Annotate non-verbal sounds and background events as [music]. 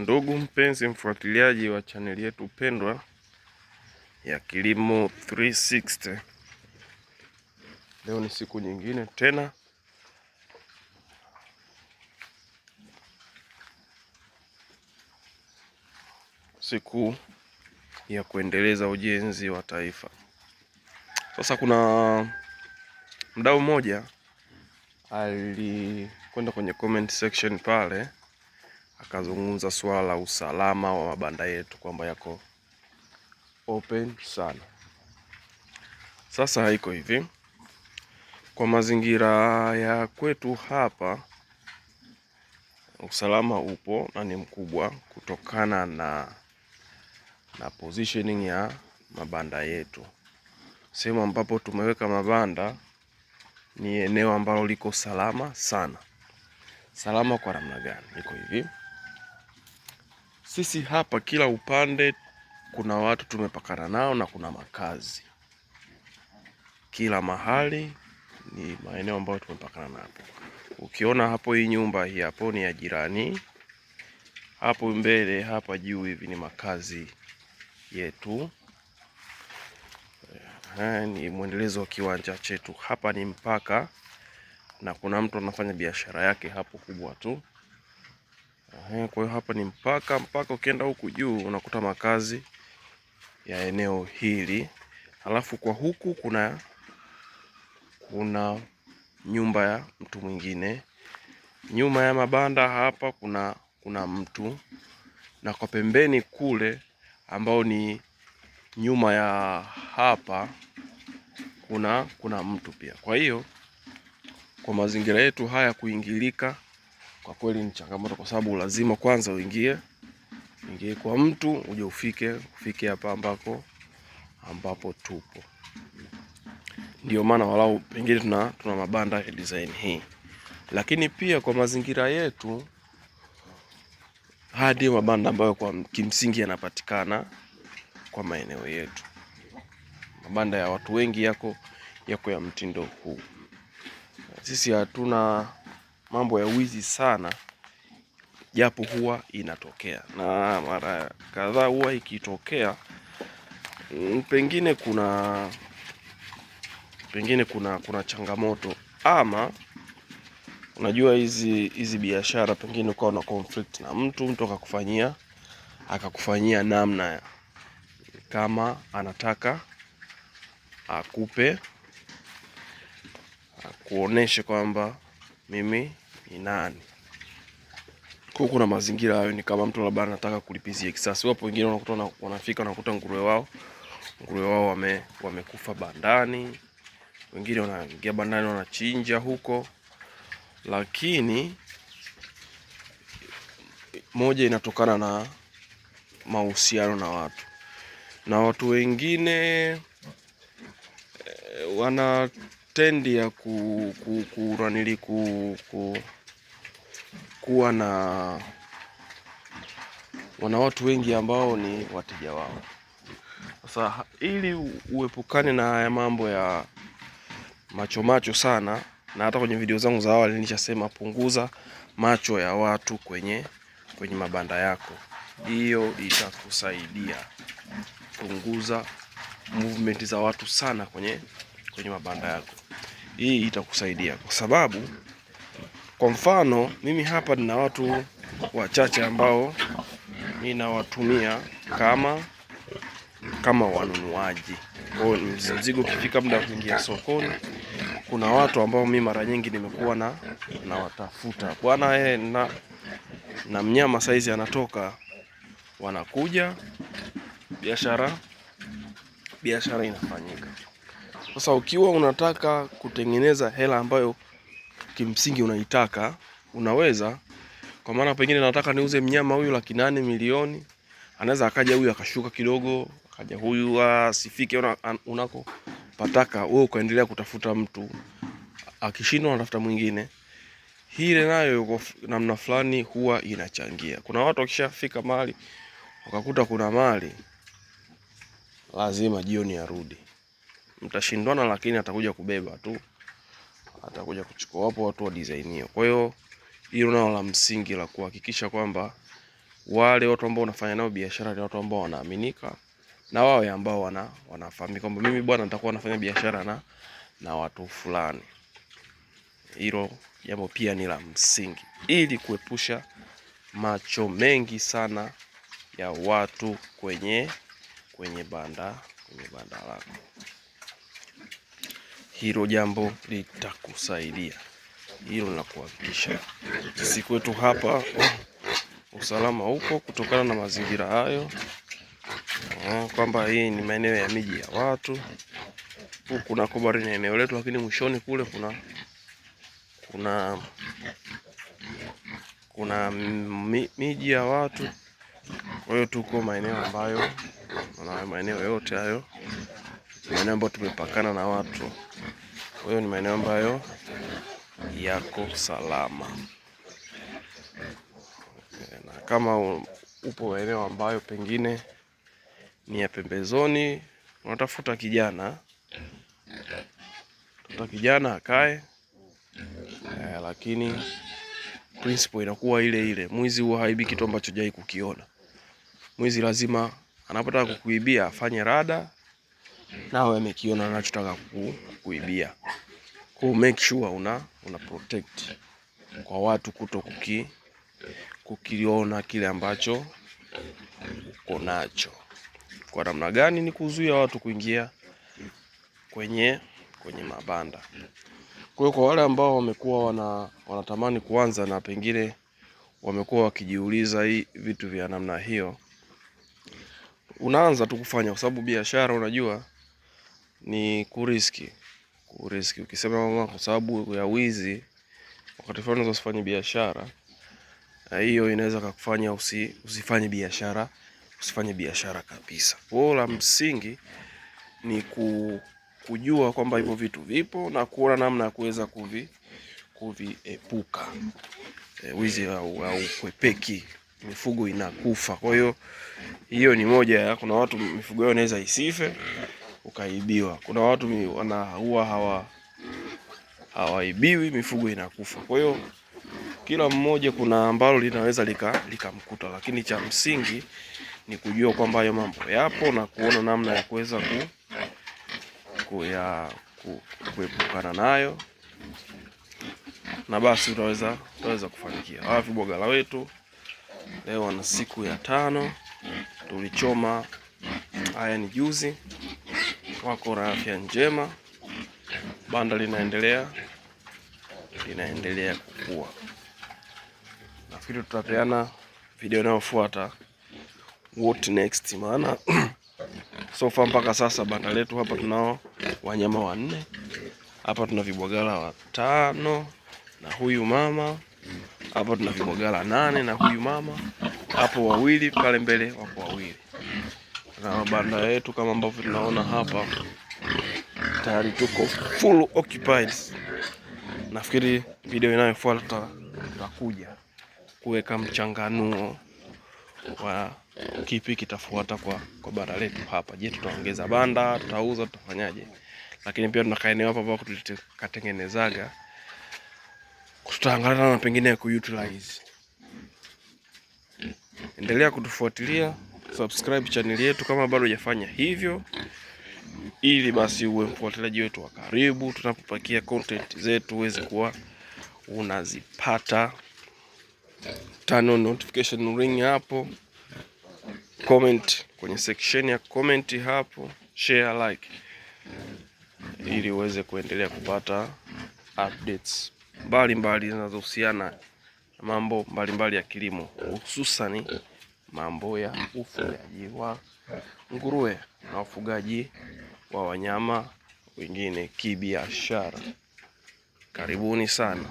Ndugu mpenzi mfuatiliaji wa chaneli yetu pendwa ya Kilimo 360, leo ni siku nyingine tena siku ya kuendeleza ujenzi wa taifa. Sasa kuna mdau mmoja alikwenda kwenye comment section pale akazungumza swala la usalama wa mabanda yetu kwamba yako open sana. Sasa haiko hivi kwa mazingira ya kwetu hapa, usalama upo na ni mkubwa kutokana na na positioning ya mabanda yetu. Sehemu ambapo tumeweka mabanda ni eneo ambalo liko salama sana. Salama kwa namna gani? Iko hivi. Sisi hapa kila upande kuna watu tumepakana nao na kuna makazi. Kila mahali ni maeneo ambayo tumepakana nao. Ukiona hapo, hii nyumba hii hapo ni ya jirani. Hapo mbele hapa juu hivi ni makazi yetu. Ha, eh, ni mwendelezo wa kiwanja chetu. Hapa ni mpaka na kuna mtu anafanya biashara yake hapo kubwa tu. Kwa hiyo hapa ni mpaka mpaka ukienda huku juu unakuta makazi ya eneo hili, alafu kwa huku kuna kuna nyumba ya mtu mwingine. Nyuma ya mabanda hapa kuna kuna mtu, na kwa pembeni kule ambao ni nyuma ya hapa kuna kuna mtu pia. Kwa hiyo kwa mazingira yetu haya kuingilika kwa kweli ni changamoto, kwa sababu lazima kwanza uingie ingie kwa mtu uje ufike ufike hapa ambako ambapo tupo. Ndio maana walau pengine tuna, tuna mabanda ya design hii, lakini pia kwa mazingira yetu hadi mabanda ambayo kwa kimsingi yanapatikana kwa maeneo yetu. Mabanda ya watu wengi yako yako ya mtindo huu. Sisi hatuna mambo ya wizi sana, japo huwa inatokea na mara kadhaa huwa ikitokea, mm, pengine kuna pengine kuna kuna changamoto ama unajua hizi hizi biashara pengine ukawa na conflict na mtu, mtu akakufanyia akakufanyia namna kama anataka akupe akuoneshe kwamba mimi ni nani. Kwa kuna mazingira hayo, ni kama mtu labda anataka kulipizia kisasi. Wapo wengine wanakuta wanafika wanakuta nguruwe wao nguruwe wao wame, wamekufa bandani, wengine wanaingia bandani wanachinja huko, lakini moja inatokana na mahusiano na watu na watu wengine eh, wana tendi ya ku, ku, ku, ranili, ku, ku kuwa na wana watu wengi ambao ni wateja wao. Sasa ili uepukane na haya mambo ya macho macho sana, na hata kwenye video zangu za awali nilishasema, punguza macho ya watu kwenye kwenye mabanda yako, hiyo itakusaidia. Punguza movement za watu sana kwenye kwenye mabanda yako, hii itakusaidia kwa sababu kwa mfano mimi hapa nina watu wachache ambao ninawatumia kama kama wanunuaji. Kwa hiyo mzigo ukifika muda wa kuingia sokoni, kuna watu ambao mimi mara nyingi nimekuwa na nawatafuta, bwana eh, na, na mnyama saizi anatoka, wanakuja biashara biashara inafanyika. Sasa ukiwa unataka kutengeneza hela ambayo kimsingi unaitaka unaweza, kwa maana pengine nataka niuze mnyama huyu laki nane milioni, anaweza akaja huyu akashuka kidogo, akaja huyu ah, asifike una, unako pataka wewe, ukaendelea kutafuta mtu, akishindwa anatafuta mwingine. Hii nayo kwa namna fulani huwa inachangia. Kuna watu wakishafika mahali wakakuta kuna mali, lazima jioni arudi, mtashindwana, lakini atakuja kubeba tu atakuja kuchukua. Wapo watu wa design hiyo. Kwa hiyo hilo nalo la msingi la kuhakikisha kwamba wale watu ambao unafanya nao biashara ni watu ambao wanaaminika na wawe ambao wana wanafahamika kwamba mimi bwana nitakuwa nafanya biashara na na watu fulani. Hilo jambo pia ni la msingi ili kuepusha macho mengi sana ya watu kwenye kwenye banda kwenye banda lako hilo jambo litakusaidia, hilo nakuhakikisha. Sisi kwetu hapa usalama upo kutokana na mazingira hayo, kwamba hii ni maeneo ya miji ya watu huku na Kobari ni eneo letu, lakini mwishoni kule kuna kuna kuna miji ya watu. Kwa hiyo tuko maeneo ambayo na maeneo yote hayo maeneo ambayo tumepakana na watu. Kwa hiyo ni maeneo ambayo yako salama, na kama upo eneo ambayo pengine ni ya pembezoni, unatafuta kijana tafuta kijana akae eh, lakini principle inakuwa ile ile. Mwizi huwa haibi kitu ambacho hajai kukiona. Mwizi lazima anapotaka kukuibia afanye rada nawe amekiona anachotaka kuibia. Ku make sure una, una protect kwa watu kuto kuki, kukiona kile ambacho uko nacho. Kwa namna gani? Ni kuzuia watu kuingia kwenye kwenye mabanda. Kwa hiyo kwa wale ambao wamekuwa wana, wanatamani kuanza na pengine wamekuwa wakijiuliza hii vitu vya namna hiyo, unaanza tu kufanya, kwa sababu biashara unajua ni kuriski kuriski. Ukisema kwamba kwa sababu ya wizi, wakati fulani unaweza usifanye biashara hiyo, inaweza kukufanya usi, usifanye biashara usifanye biashara kabisa. Kwa la msingi ni ku, kujua kwamba hivyo vitu vipo na kuona namna ya kuweza kuvi kuviepuka. E, wizi haukwepeki, mifugo inakufa. Kwa hiyo hiyo ni moja ya, kuna watu mifugo yao inaweza isife ukaibiwa. Kuna watu wana huwa hawa hawaibiwi, mifugo inakufa. Kwa hiyo kila mmoja kuna ambalo linaweza likamkuta lika, lakini cha msingi ni kujua kwamba hayo mambo yapo na kuona namna ya kuweza ku kuepukana nayo na basi utaweza utaweza kufanikia. Hawa vibwagala wetu leo wana siku ya tano, tulichoma haya ni juzi wako na afya njema. Banda linaendelea linaendelea kukua. Nafikiri tutapeana video inayofuata what next, maana [clears throat] sofa mpaka sasa banda letu hapa tunao wanyama wanne, hapa tuna vibwagala watano na huyu mama hapa tuna vibwagala nane na huyu mama hapo wawili, pale mbele wako wawili na mabanda yetu kama ambavyo tunaona hapa tayari tuko full occupied. Nafikiri video inayofuata tutakuja kuweka mchanganuo wa kipi kitafuata kwa, kwa banda letu hapa. Je, tutaongeza banda, tutauza, tutafanyaje? Lakini pia tunakaa hapa ambapo tulikatengenezaga, tutaangalia na pengine ya kuutilize. Endelea kutufuatilia subscribe channel yetu kama bado hujafanya hivyo, ili basi uwe mfuatiliaji wetu wa karibu tunapopakia content zetu, uweze kuwa unazipata. Turn on notification ring hapo, comment kwenye section ya comment hapo, share like, ili uweze kuendelea kupata updates mbalimbali zinazohusiana na mambo mbalimbali mbali ya kilimo hususani mambo ya ufugaji wa nguruwe na ufugaji wa wanyama wengine kibiashara. Karibuni sana.